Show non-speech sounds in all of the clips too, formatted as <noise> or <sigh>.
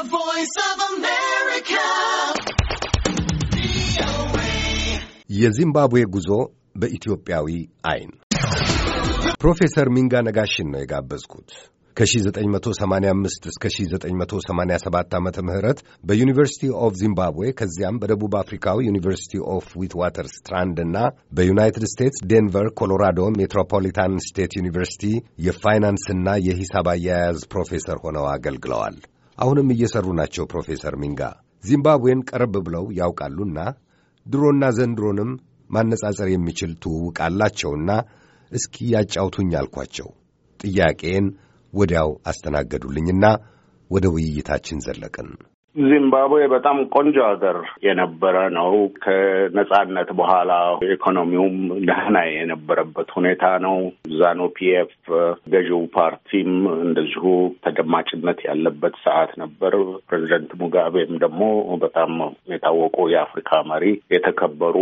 The Voice of America. የዚምባብዌ ጉዞ በኢትዮጵያዊ አይን ፕሮፌሰር ሚንጋ ነጋሽን ነው የጋበዝኩት። ከ1985 እስከ 1987 ዓ ም በዩኒቨርሲቲ ኦፍ ዚምባብዌ ከዚያም በደቡብ አፍሪካው ዩኒቨርሲቲ ኦፍ ዊትዋተር ስትራንድ እና በዩናይትድ ስቴትስ ዴንቨር ኮሎራዶ ሜትሮፖሊታን ስቴት ዩኒቨርሲቲ የፋይናንስና የሂሳብ አያያዝ ፕሮፌሰር ሆነው አገልግለዋል። አሁንም እየሰሩ ናቸው። ፕሮፌሰር ሚንጋ ዚምባብዌን ቀረብ ብለው ያውቃሉና ድሮና ዘንድሮንም ማነጻጸር የሚችል ትውውቅ አላቸውና እስኪ ያጫውቱኝ አልኳቸው። ጥያቄን ወዲያው አስተናገዱልኝና ወደ ውይይታችን ዘለቅን። ዚምባብዌ በጣም ቆንጆ ሀገር የነበረ ነው። ከነጻነት በኋላ ኢኮኖሚውም ደህና የነበረበት ሁኔታ ነው። ዛኖ ፒኤፍ ገዢው ፓርቲም እንደዚሁ ተደማጭነት ያለበት ሰዓት ነበር። ፕሬዚደንት ሙጋቤም ደግሞ በጣም የታወቁ የአፍሪካ መሪ፣ የተከበሩ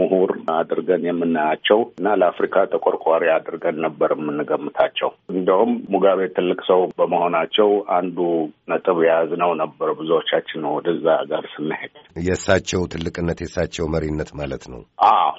ምሁር አድርገን የምናያቸው እና ለአፍሪካ ተቆርቋሪ አድርገን ነበር የምንገምታቸው። እንደውም ሙጋቤ ትልቅ ሰው በመሆናቸው አንዱ ነጥብ የያዝነው ነበር ብዙዎች ጉዳያችን ነው። ወደዛ ጋር ስናሄድ የእሳቸው ትልቅነት የእሳቸው መሪነት ማለት ነው።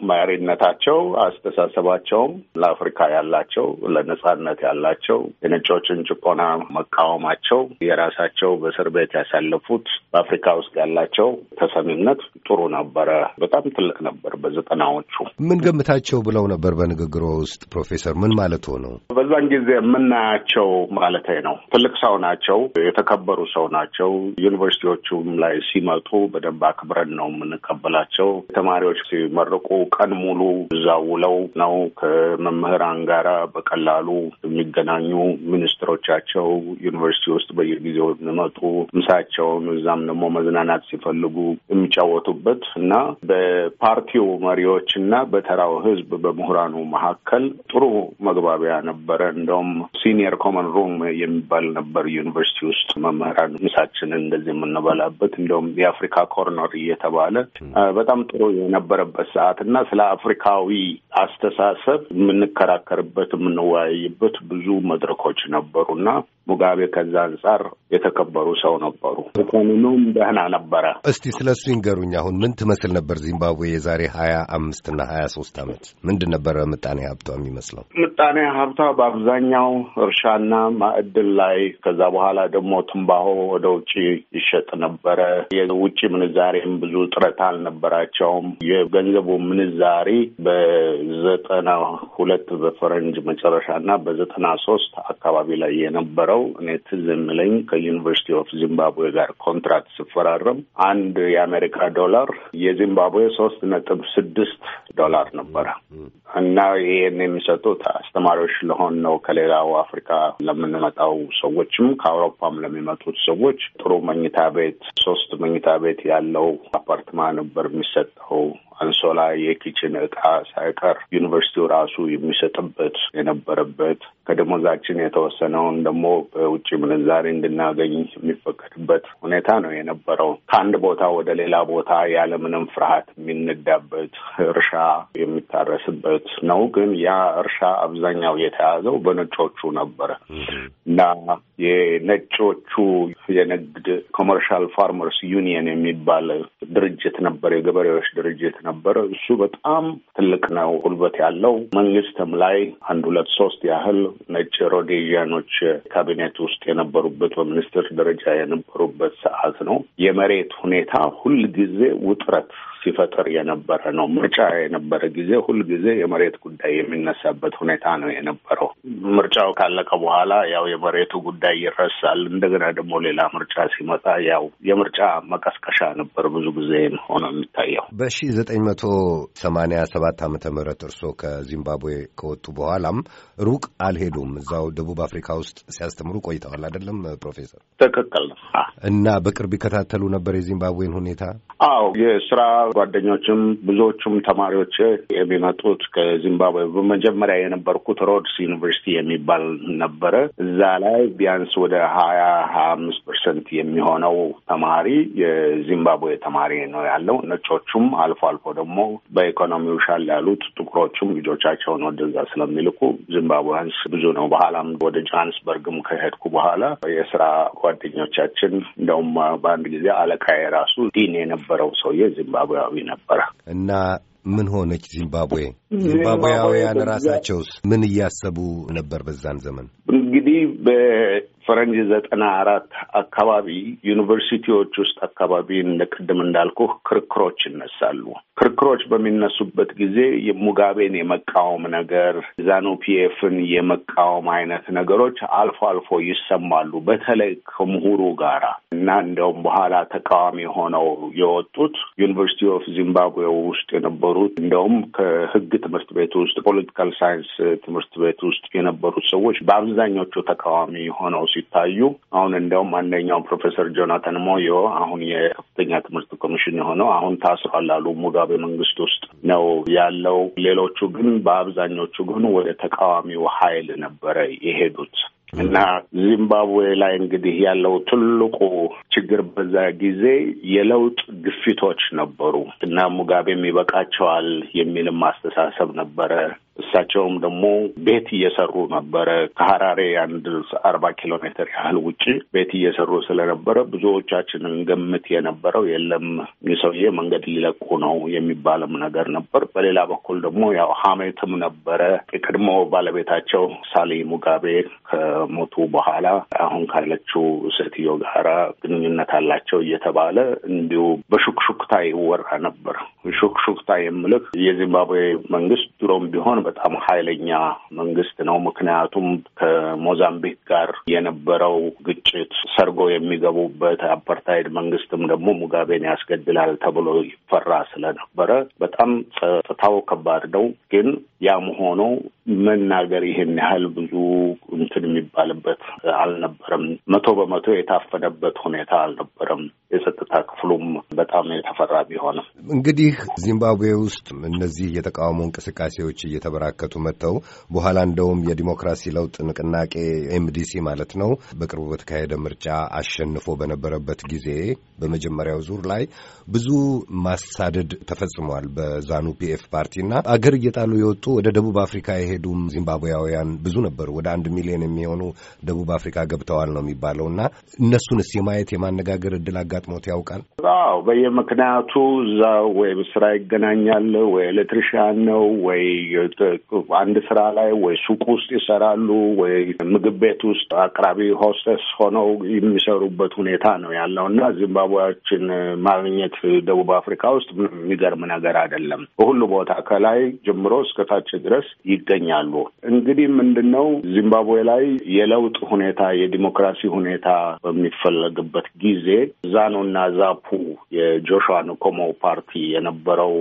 መሪነታቸው፣ አስተሳሰባቸውም ለአፍሪካ ያላቸው ለነጻነት ያላቸው የነጮችን ጭቆና መቃወማቸው፣ የራሳቸው በእስር ቤት ያሳለፉት በአፍሪካ ውስጥ ያላቸው ተሰሚነት ጥሩ ነበረ። በጣም ትልቅ ነበር። በዘጠናዎቹ ምን ገምታቸው ብለው ነበር በንግግሮ ውስጥ ፕሮፌሰር ምን ማለት ነው? በዛን ጊዜ የምናያቸው ማለት ነው። ትልቅ ሰው ናቸው። የተከበሩ ሰው ናቸው። ዩኒቨርሲቲ ዩኒቨርሲቲዎቹም ላይ ሲመጡ በደንብ አክብረን ነው የምንቀበላቸው። ተማሪዎች ሲመርቁ ቀን ሙሉ እዛ ውለው ነው ከመምህራን ጋራ በቀላሉ የሚገናኙ። ሚኒስትሮቻቸው ዩኒቨርሲቲ ውስጥ በየጊዜው የሚመጡ ምሳቸውን፣ እዛም ደግሞ መዝናናት ሲፈልጉ የሚጫወቱበት እና በፓርቲው መሪዎች እና በተራው ህዝብ በምሁራኑ መካከል ጥሩ መግባቢያ ነበረ። እንደውም ሲኒየር ኮመን ሩም የሚባል ነበር ዩኒቨርሲቲ ውስጥ መምህራን ምሳችንን እንደዚህ የምንበላበት እንደውም የአፍሪካ ኮርነር እየተባለ በጣም ጥሩ የነበረበት ሰዓት እና ስለ አፍሪካዊ አስተሳሰብ የምንከራከርበት የምንወያይበት ብዙ መድረኮች ነበሩና ሙጋቤ ከዛ አንጻር የተከበሩ ሰው ነበሩ። ኢኮኖሚውም ደህና ነበረ። እስቲ ስለ እሱ ይንገሩኝ። አሁን ምን ትመስል ነበር ዚምባብዌ የዛሬ ሀያ አምስት እና ሀያ ሶስት ዓመት ምንድን ነበረ ምጣኔ ሀብቷ የሚመስለው? ምጣኔ ሀብቷ በአብዛኛው እርሻና ማዕድን ላይ፣ ከዛ በኋላ ደግሞ ትንባሆ ወደ ውጭ ይሸጥ ነበረ። የውጭ ምንዛሬም ብዙ ጥረት አልነበራቸውም። የገንዘቡ ምንዛሪ በዘጠና ሁለት በፈረንጅ መጨረሻ እና በዘጠና ሶስት አካባቢ ላይ የነበረ የነበረው እኔ ትዝ የሚለኝ ከዩኒቨርሲቲ ኦፍ ዚምባብዌ ጋር ኮንትራክት ስፈራረም አንድ የአሜሪካ ዶላር የዚምባብዌ ሶስት ነጥብ ስድስት ዶላር ነበረ እና ይሄን የሚሰጡት አስተማሪዎች ለሆን ነው ከሌላው አፍሪካ ለምንመጣው ሰዎችም ከአውሮፓም ለሚመጡት ሰዎች ጥሩ መኝታ ቤት ሶስት መኝታ ቤት ያለው አፓርትማ ነበር የሚሰጠው አንሶላ፣ የኪችን እቃ ሳይቀር ዩኒቨርሲቲው ራሱ የሚሰጥበት የነበረበት ከደሞዛችን የተወሰነውን ደግሞ በውጭ ምንዛሬ እንድናገኝ የሚፈቀድበት ሁኔታ ነው የነበረው። ከአንድ ቦታ ወደ ሌላ ቦታ ያለምንም ፍርሃት የሚነዳበት እርሻ የሚታረስበት ነው። ግን ያ እርሻ አብዛኛው የተያዘው በነጮቹ ነበረ እና የነጮቹ የንግድ ኮመርሻል ፋርመርስ ዩኒየን የሚባል ድርጅት ነበር፣ የገበሬዎች ድርጅት ነበር ነበረ። እሱ በጣም ትልቅ ነው፣ ጉልበት ያለው መንግስትም ላይ አንድ ሁለት ሶስት ያህል ነጭ ሮዴዥያኖች ካቢኔት ውስጥ የነበሩበት በሚኒስትር ደረጃ የነበሩበት ሰዓት ነው። የመሬት ሁኔታ ሁል ጊዜ ውጥረት ሲፈጥር የነበረ ነው። ምርጫ የነበረ ጊዜ ሁልጊዜ የመሬት ጉዳይ የሚነሳበት ሁኔታ ነው የነበረው። ምርጫው ካለቀ በኋላ ያው የመሬቱ ጉዳይ ይረሳል። እንደገና ደግሞ ሌላ ምርጫ ሲመጣ ያው የምርጫ መቀስቀሻ ነበር ብዙ ጊዜ ሆነ የሚታየው። በሺ ዘጠኝ መቶ ሰማኒያ ሰባት ዓመተ ምህረት እርስዎ ከዚምባብዌ ከወጡ በኋላም ሩቅ አልሄዱም። እዛው ደቡብ አፍሪካ ውስጥ ሲያስተምሩ ቆይተዋል አይደለም ፕሮፌሰር? ትክክል ነው። እና በቅርብ ይከታተሉ ነበር የዚምባብዌን ሁኔታ? አዎ፣ የስራ ጓደኞችም ብዙዎቹም ተማሪዎች የሚመጡት ከዚምባብዌ በመጀመሪያ የነበርኩት ሮድስ ዩኒቨርሲቲ የሚባል ነበረ። እዛ ላይ ቢያንስ ወደ ሀያ ሀያ አምስት ፐርሰንት የሚሆነው ተማሪ የዚምባብዌ ተማሪ ነው ያለው። ነጮቹም አልፎ አልፎ ደግሞ በኢኮኖሚው ሻል ያሉት ጥቁሮቹም ልጆቻቸውን ወደዛ ስለሚልኩ ዚምባብዌያንስ ብዙ ነው። በኋላም ወደ ጆሃንስበርግም ከሄድኩ በኋላ የስራ ጓደኞቻችን ሰዎችን እንደውም በአንድ ጊዜ አለቃ ራሱ ዲን የነበረው ሰውዬ ዚምባብዌያዊ ነበረ እና ምን ሆነች ዚምባብዌ? ዚምባብዌያውያን ራሳቸውስ ምን እያሰቡ ነበር በዛን ዘመን? እንግዲህ ፈረንጅ ዘጠና አራት አካባቢ ዩኒቨርሲቲዎች ውስጥ አካባቢ እንደቅድም እንዳልኩ ክርክሮች ይነሳሉ። ክርክሮች በሚነሱበት ጊዜ ሙጋቤን የመቃወም ነገር፣ ዛኑ ፒኤፍን የመቃወም አይነት ነገሮች አልፎ አልፎ ይሰማሉ። በተለይ ከምሁሩ ጋራ እና እንደውም በኋላ ተቃዋሚ ሆነው የወጡት ዩኒቨርሲቲ ኦፍ ዚምባብዌ ውስጥ የነበሩት እንደውም ከህግ ትምህርት ቤት ውስጥ ፖለቲካል ሳይንስ ትምህርት ቤት ውስጥ የነበሩት ሰዎች በአብዛኞቹ ተቃዋሚ ሆነው ሲታዩ አሁን እንደውም አንደኛው ፕሮፌሰር ጆናታን ሞዮ አሁን የከፍተኛ ትምህርት ኮሚሽን የሆነው አሁን ታስሯል አሉ ሙጋቤ መንግስት ውስጥ ነው ያለው። ሌሎቹ ግን በአብዛኞቹ ግን ወደ ተቃዋሚው ኃይል ነበረ የሄዱት እና ዚምባብዌ ላይ እንግዲህ ያለው ትልቁ ችግር በዛ ጊዜ የለውጥ ግፊቶች ነበሩ እና ሙጋቤም ይበቃቸዋል የሚልም አስተሳሰብ ነበረ። እሳቸውም ደግሞ ቤት እየሰሩ ነበረ። ከሀራሬ አንድ አርባ ኪሎ ሜትር ያህል ውጭ ቤት እየሰሩ ስለነበረ ብዙዎቻችንን ገምት የነበረው የለም ሰውዬ መንገድ ሊለቁ ነው የሚባልም ነገር ነበር። በሌላ በኩል ደግሞ ያው ሀሜትም ነበረ። የቀድሞ ባለቤታቸው ሳሊ ሙጋቤ ከሞቱ በኋላ አሁን ካለችው ሴትዮ ጋራ ግንኙነት አላቸው እየተባለ እንዲሁ በሹክሹክታ ይወራ ነበር። ሹክሹክታ የምልህ የዚምባብዌ መንግስት ድሮም ቢሆን በጣም ኃይለኛ መንግስት ነው። ምክንያቱም ከሞዛምቢክ ጋር የነበረው ግጭት ሰርጎ የሚገቡበት አፓርታይድ መንግስትም ደግሞ ሙጋቤን ያስገድላል ተብሎ ይፈራ ስለነበረ በጣም ጸጥታው ከባድ ነው። ግን ያም ሆኖ መናገር ይሄን ያህል ብዙ እንትን የሚባልበት አልነበረም። መቶ በመቶ የታፈነበት ሁኔታ አልነበረም። የጸጥታ ክፍሉም በጣም የተፈራ ቢሆንም እንግዲህ ዚምባብዌ ውስጥ እነዚህ የተቃውሞ እንቅስቃሴዎች እየተበራከቱ መጥተው በኋላ እንደውም የዲሞክራሲ ለውጥ ንቅናቄ ኤምዲሲ ማለት ነው በቅርቡ በተካሄደ ምርጫ አሸንፎ በነበረበት ጊዜ በመጀመሪያው ዙር ላይ ብዙ ማሳደድ ተፈጽሟል። በዛኑ ፒኤፍ ፓርቲና አገር እየጣሉ የወጡ ወደ ደቡብ አፍሪካ ይሄ የሄዱም ዚምባብዌያውያን ብዙ ነበሩ። ወደ አንድ ሚሊዮን የሚሆኑ ደቡብ አፍሪካ ገብተዋል ነው የሚባለው እና እነሱንስ የማየት የማነጋገር እድል አጋጥሞት ያውቃል? አዎ፣ በየምክንያቱ እዛ ወይ ስራ ይገናኛል፣ ወይ ኤሌክትሪሽያን ነው፣ ወይ አንድ ስራ ላይ ወይ ሱቅ ውስጥ ይሰራሉ፣ ወይ ምግብ ቤት ውስጥ አቅራቢ ሆስተስ ሆነው የሚሰሩበት ሁኔታ ነው ያለው እና ዚምባብዌዎችን ማግኘት ደቡብ አፍሪካ ውስጥ የሚገርም ነገር አይደለም። በሁሉ ቦታ ከላይ ጀምሮ እስከታች ድረስ ይገኛል። ይገኛሉ። እንግዲህ ምንድን ነው ዚምባብዌ ላይ የለውጥ ሁኔታ የዲሞክራሲ ሁኔታ በሚፈለግበት ጊዜ ዛኑና ዛፑ የጆሹዋ ንኮሞ ፓርቲ የነበረው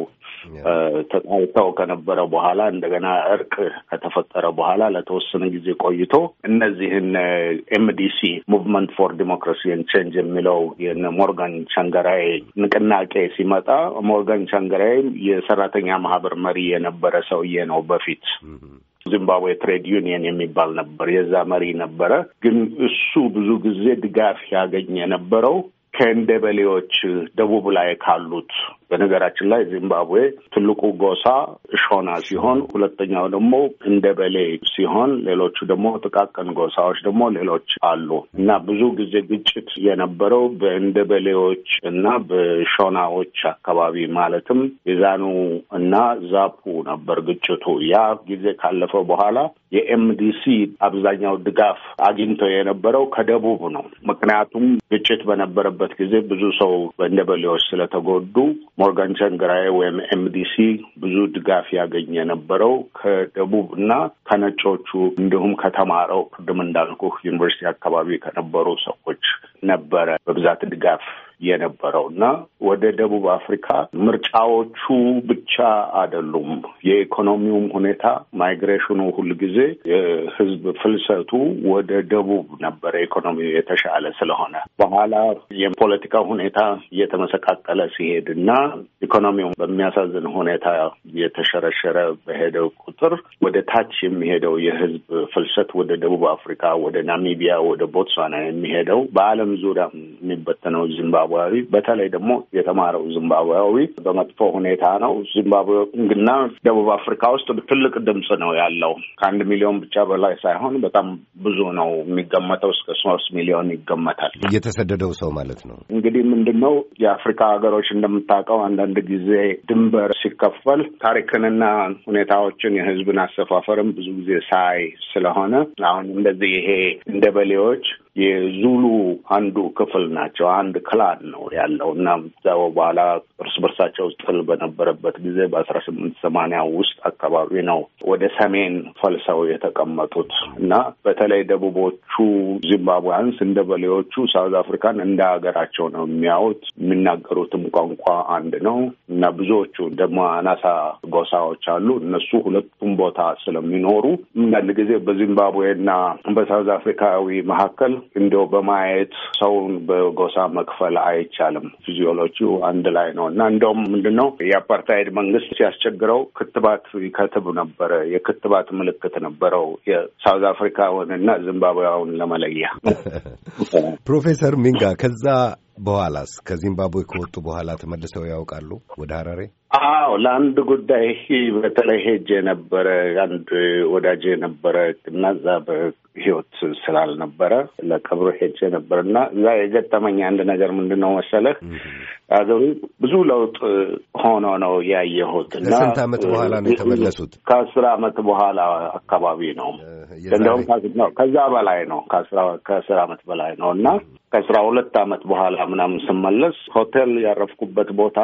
ተጣልተው ከነበረ በኋላ እንደገና እርቅ ከተፈጠረ በኋላ ለተወሰነ ጊዜ ቆይቶ እነዚህን ኤምዲሲ ሙቭመንት ፎር ዲሞክራሲ ን ቼንጅ የሚለው ሞርጋን ሻንገራይ ንቅናቄ ሲመጣ ሞርጋን ሻንገራይ የሰራተኛ ማህበር መሪ የነበረ ሰውዬ ነው በፊት ዚምባብዌ ትሬድ ዩኒየን የሚባል ነበር። የዛ መሪ ነበረ። ግን እሱ ብዙ ጊዜ ድጋፍ ያገኝ የነበረው ከእንደበሌዎች ደቡብ ላይ ካሉት በነገራችን ላይ ዚምባብዌ ትልቁ ጎሳ ሾና ሲሆን፣ ሁለተኛው ደግሞ እንደበሌ ሲሆን፣ ሌሎቹ ደግሞ ጥቃቅን ጎሳዎች ደግሞ ሌሎች አሉ እና ብዙ ጊዜ ግጭት የነበረው በእንደበሌዎች እና በሾናዎች አካባቢ ማለትም የዛኑ እና ዛፑ ነበር ግጭቱ። ያ ጊዜ ካለፈ በኋላ የኤምዲሲ አብዛኛው ድጋፍ አግኝቶ የነበረው ከደቡብ ነው። ምክንያቱም ግጭት በነበረበት ጊዜ ብዙ ሰው በእንደበሌዎች ስለተጎዱ ሞርጋን ቸንግራይ ወይም ኤምዲሲ ብዙ ድጋፍ ያገኘ የነበረው ከደቡብ እና ከነጮቹ እንዲሁም ከተማረው ቅድም እንዳልኩ ዩኒቨርሲቲ አካባቢ ከነበሩ ሰዎች ነበረ በብዛት ድጋፍ የነበረው እና ወደ ደቡብ አፍሪካ ምርጫዎቹ ብቻ አይደሉም። የኢኮኖሚውም ሁኔታ ማይግሬሽኑ፣ ጊዜ የህዝብ ፍልሰቱ ወደ ደቡብ ነበረ። ኢኮኖሚ የተሻለ ስለሆነ በኋላ የፖለቲካ ሁኔታ እየተመሰቃቀለ ሲሄድ እና ኢኮኖሚው በሚያሳዝን ሁኔታ የተሸረሸረ በሄደው ቁጥር ወደ ታች የሚሄደው የህዝብ ፍልሰት ወደ ደቡብ አፍሪካ፣ ወደ ናሚቢያ፣ ወደ ቦትስዋና የሚሄደው በዓለም ዙሪያ የሚበተነው ዚምባብዌያዊ በተለይ ደግሞ የተማረው ዚምባብዌያዊ በመጥፎ ሁኔታ ነው። ዚምባብዌና ደቡብ አፍሪካ ውስጥ ትልቅ ድምፅ ነው ያለው። ከአንድ ሚሊዮን ብቻ በላይ ሳይሆን በጣም ብዙ ነው የሚገመተው። እስከ ሶስት ሚሊዮን ይገመታል እየተሰደደው ሰው ማለት ነው። እንግዲህ ምንድን ነው የአፍሪካ ሀገሮች እንደምታውቀው አንዳንድ ጊዜ ድንበር ሲከፈል ታሪክንና ሁኔታዎችን የህዝብን አሰፋፈርም ብዙ ጊዜ ሳይ ስለሆነ አሁን እንደዚህ ይሄ እንደ በሌዎች የዙሉ አንዱ ክፍል ናቸው። አንድ ክላን ነው ያለው እና ዛው በኋላ እርስ በርሳቸው ጥል በነበረበት ጊዜ በአስራ ስምንት ሰማንያ ውስጥ አካባቢ ነው ወደ ሰሜን ፈልሰው የተቀመጡት እና በተለይ ደቡቦቹ ዚምባብዌያንስ እንደ በሌዎቹ ሳውዝ አፍሪካን እንደ ሀገራቸው ነው የሚያዩት። የሚናገሩትም ቋንቋ አንድ ነው እና ብዙዎቹ ደግሞ አናሳ ጎሳዎች አሉ። እነሱ ሁለቱም ቦታ ስለሚኖሩ አንዳንድ ጊዜ በዚምባብዌና በሳውዝ አፍሪካዊ መካከል እንዲያው በማየት ሰውን በጎሳ መክፈል አይቻልም። ፊዚዮሎጂው አንድ ላይ ነው እና እንደውም ምንድን ነው የአፓርታይድ መንግስት ሲያስቸግረው ክትባት ይከትብ ነበረ። የክትባት ምልክት ነበረው የሳውዝ እና ዚምባብዌውን ለመለያ። <laughs> ፕሮፌሰር ሚንጋ ከዛ በኋላስ ከዚምባብዌ ከወጡ በኋላ ተመልሰው ያውቃሉ ወደ ሀራሬ? አዎ ለአንድ ጉዳይ በተለይ ሄጅ የነበረ አንድ ወዳጅ የነበረ እና እዛ በህይወት ስላልነበረ ለቀብሮ ሄጅ የነበረ እና እዛ የገጠመኝ አንድ ነገር ምንድን ነው መሰለህ፣ አገሩ ብዙ ለውጥ ሆኖ ነው ያየሁት። ከስንት ዓመት በኋላ ነው የተመለሱት? ከአስር ዓመት በኋላ አካባቢ ነው። እንደውም ከዛ በላይ ነው፣ ከአስር ዓመት በላይ ነው እና ከአስራ ሁለት ዓመት በኋላ ምናምን ስመለስ ሆቴል ያረፍኩበት ቦታ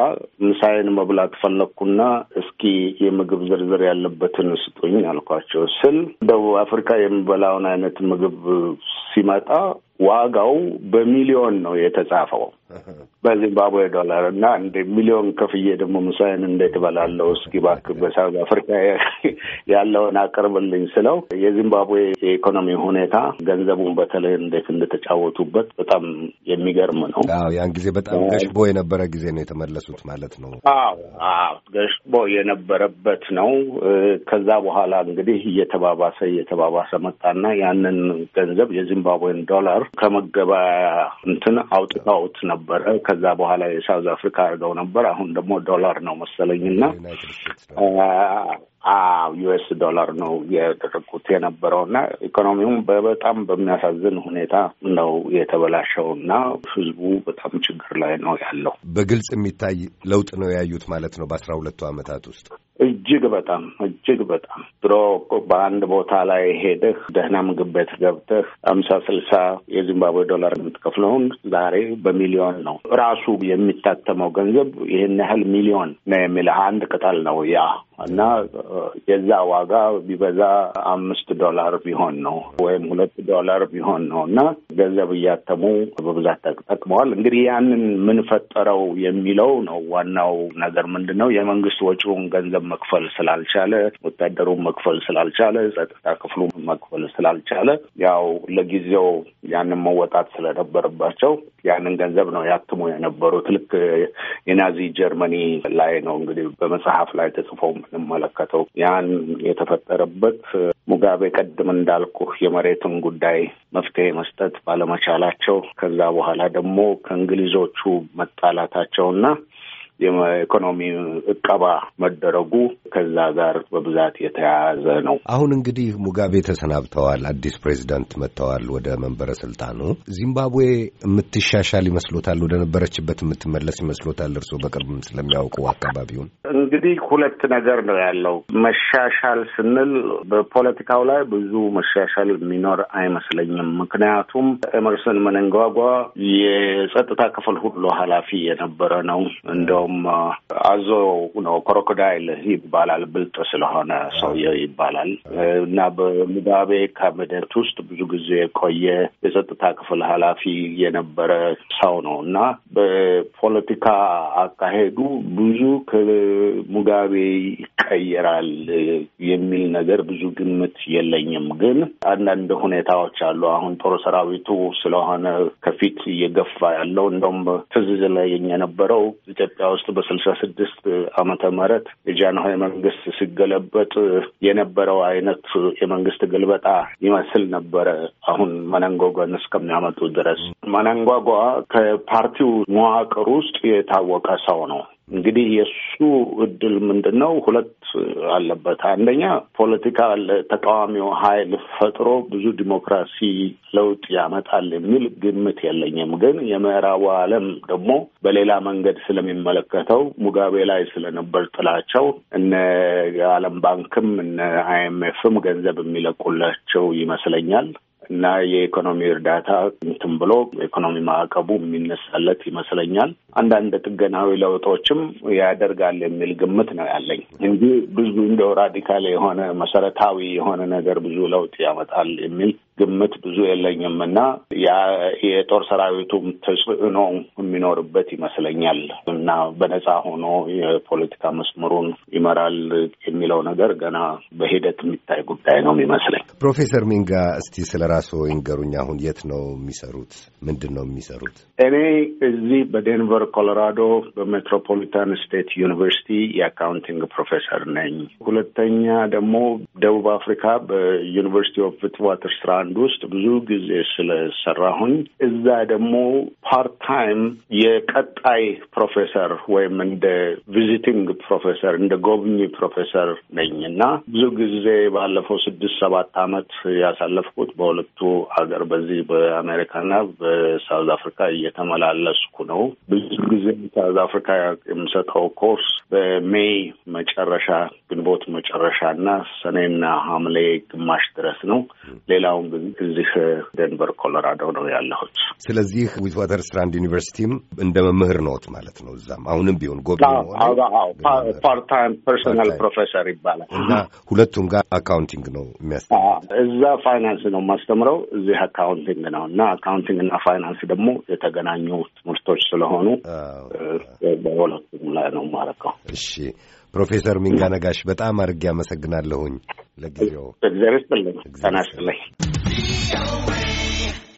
ምሳዬን መብላት ፈለግኩና እስኪ የምግብ ዝርዝር ያለበትን ስጡኝ አልኳቸው ስል ደቡብ አፍሪካ የሚበላውን አይነት ምግብ ሲመጣ ዋጋው በሚሊዮን ነው የተጻፈው። <laughs> በዚምባብዌ ዶላር እና እንደ ሚሊዮን ከፍዬ ደግሞ ምሳዬን እንዴት እበላለሁ? እስኪ እባክህ በሳውዝ አፍሪካ <laughs> ያለውን አቅርብልኝ ስለው የዚምባብዌ የኢኮኖሚ ሁኔታ ገንዘቡን በተለይ እንዴት እንደተጫወቱበት በጣም የሚገርም ነው። አዎ ያን ጊዜ በጣም ገሽቦ የነበረ ጊዜ ነው የተመለሱት ማለት ነው። አዎ አዎ ገሽቦ የነበረበት ነው። ከዛ በኋላ እንግዲህ እየተባባሰ እየተባባሰ መጣና ያንን ገንዘብ የዚምባብዌን ዶላር ከመገበያ እንትን አውጥተውት ነበር ነበረ። ከዛ በኋላ የሳውዝ አፍሪካ አድርገው ነበር። አሁን ደግሞ ዶላር ነው መሰለኝና ዩኤስ ዶላር ነው ያደረጉት የነበረው እና ኢኮኖሚውም በጣም በሚያሳዝን ሁኔታ ነው የተበላሸው እና ህዝቡ በጣም ችግር ላይ ነው ያለው። በግልጽ የሚታይ ለውጥ ነው ያዩት ማለት ነው በአስራ ሁለቱ ዓመታት ውስጥ እጅግ በጣም እጅግ በጣም ድሮ በአንድ ቦታ ላይ ሄደህ ደህና ምግብ ቤት ገብተህ አምሳ ስልሳ የዚምባብዌ ዶላር የምትከፍለውን ዛሬ በሚሊዮን ነው ራሱ የሚታተመው ገንዘብ ይህን ያህል ሚሊዮን ነው የሚልህ አንድ ቅጠል ነው ያ እና የዛ ዋጋ ቢበዛ አምስት ዶላር ቢሆን ነው ወይም ሁለት ዶላር ቢሆን ነው እና ገንዘብ እያተሙ በብዛት ተጠቅመዋል። እንግዲህ ያንን ምን ፈጠረው የሚለው ነው ዋናው ነገር ምንድን ነው? የመንግስት ወጪውን ገንዘብ መክፈል ስላልቻለ፣ ወታደሩን መክፈል ስላልቻለ፣ ጸጥታ ክፍሉ መክፈል ስላልቻለ ያው ለጊዜው ያንን መወጣት ስለነበረባቸው ያንን ገንዘብ ነው ያትሙ የነበሩት። ልክ የናዚ ጀርመኒ ላይ ነው እንግዲህ በመጽሐፍ ላይ ተጽፎ የምንመለከተው ያን የተፈጠረበት ሙጋቤ ቀድም እንዳልኩ የመሬትን ጉዳይ መፍትሄ መስጠት ባለመቻላቸው ከዛ በኋላ ደግሞ ከእንግሊዞቹ መጣላታቸውና የኢኮኖሚ እቀባ መደረጉ ከዛ ጋር በብዛት የተያያዘ ነው። አሁን እንግዲህ ሙጋቤ ተሰናብተዋል፣ አዲስ ፕሬዚዳንት መጥተዋል ወደ መንበረ ስልጣኑ። ዚምባብዌ የምትሻሻል ይመስሎታል? ወደ ነበረችበት የምትመለስ ይመስሎታል? እርስዎ በቅርብም ስለሚያውቁ አካባቢውን። እንግዲህ ሁለት ነገር ነው ያለው። መሻሻል ስንል በፖለቲካው ላይ ብዙ መሻሻል የሚኖር አይመስለኝም። ምክንያቱም ኤመርሰን መነንጓጓ የጸጥታ ክፍል ሁሉ ኃላፊ የነበረ ነው እንደው እንደውም አዞ ነው ክሮኮዳይል ይባላል። ብልጥ ስለሆነ ሰውየው ይባላል እና በሙጋቤ ካቢኔት ውስጥ ብዙ ጊዜ የቆየ የጸጥታ ክፍል ኃላፊ የነበረ ሰው ነው እና በፖለቲካ አካሄዱ ብዙ ከሙጋቤ ይቀየራል የሚል ነገር ብዙ ግምት የለኝም። ግን አንዳንድ ሁኔታዎች አሉ። አሁን ጦር ሰራዊቱ ስለሆነ ከፊት እየገፋ ያለው እንደውም ትዝዝ ላይ የነበረው ኢትዮጵያ ውስጥ በስልሳ ስድስት አመተ ምህረት የጃንሆይ መንግስት ሲገለበጥ የነበረው አይነት የመንግስት ግልበጣ ይመስል ነበረ። አሁን መነንጓጓን እስከሚያመጡ ድረስ መነንጓጓ ከፓርቲው መዋቅር ውስጥ የታወቀ ሰው ነው። እንግዲህ የእሱ እድል ምንድን ነው? ሁለት አለበት። አንደኛ ፖለቲካ ተቃዋሚው ኃይል ፈጥሮ ብዙ ዲሞክራሲ ለውጥ ያመጣል የሚል ግምት የለኝም። ግን የምዕራቡ ዓለም ደግሞ በሌላ መንገድ ስለሚመለከተው ሙጋቤ ላይ ስለነበር ጥላቸው እነ የዓለም ባንክም እነ አይኤምኤፍም ገንዘብ የሚለቁላቸው ይመስለኛል። እና የኢኮኖሚ እርዳታ እንትን ብሎ ኢኮኖሚ ማዕቀቡ የሚነሳለት ይመስለኛል። አንዳንድ ጥገናዊ ለውጦችም ያደርጋል የሚል ግምት ነው ያለኝ እንጂ ብዙ እንደው ራዲካል የሆነ መሰረታዊ የሆነ ነገር ብዙ ለውጥ ያመጣል የሚል ግምት ብዙ የለኝም እና የጦር ሰራዊቱም ተጽዕኖ የሚኖርበት ይመስለኛል እና በነጻ ሆኖ የፖለቲካ መስመሩን ይመራል የሚለው ነገር ገና በሂደት የሚታይ ጉዳይ ነው የሚመስለኝ። ፕሮፌሰር ሚንጋ እስቲ ስለ ራስዎ ይንገሩኝ። አሁን የት ነው የሚሰሩት? ምንድን ነው የሚሰሩት? እኔ እዚህ በዴንቨር ኮሎራዶ በሜትሮፖሊታን ስቴት ዩኒቨርሲቲ የአካውንቲንግ ፕሮፌሰር ነኝ። ሁለተኛ ደግሞ ደቡብ አፍሪካ በዩኒቨርሲቲ ኦፍ ዊትዋተርስራንድ ፖላንድ ውስጥ ብዙ ጊዜ ስለሰራሁኝ እዛ ደግሞ ፓርት ታይም የቀጣይ ፕሮፌሰር ወይም እንደ ቪዚቲንግ ፕሮፌሰር እንደ ጎብኚ ፕሮፌሰር ነኝ እና ብዙ ጊዜ ባለፈው ስድስት ሰባት አመት ያሳለፍኩት በሁለቱ ሀገር በዚህ በአሜሪካና በሳውዝ አፍሪካ እየተመላለስኩ ነው። ብዙ ጊዜ ሳውዝ አፍሪካ የምሰጠው ኮርስ በሜይ መጨረሻ ግንቦት መጨረሻ እና ሰኔና ሐምሌ ግማሽ ድረስ ነው። ሌላውን ግን እዚህ ደንቨር ኮሎራዶ ነው ያለሁት። ስለዚህ ዊትዋተር ስትራንድ ዩኒቨርሲቲም እንደ መምህር ነዎት ማለት ነው። እዛም አሁንም ቢሆን ጎብ ፓርታይም ፐርሶናል ፕሮፌሰር ይባላል እና ሁለቱም ጋር አካውንቲንግ ነው የሚያስተምረው። እዛ ፋይናንስ ነው የማስተምረው፣ እዚህ አካውንቲንግ ነው እና አካውንቲንግ እና ፋይናንስ ደግሞ የተገናኙ ትምህርቶች ስለሆኑ በሁለቱም ላይ ነው ማለት ነው። እሺ ፕሮፌሰር ሚንጋ ነጋሽ በጣም አድርጌ አመሰግናለሁኝ። ለጊዜው እግዚአብሔር ይስጥልኝ።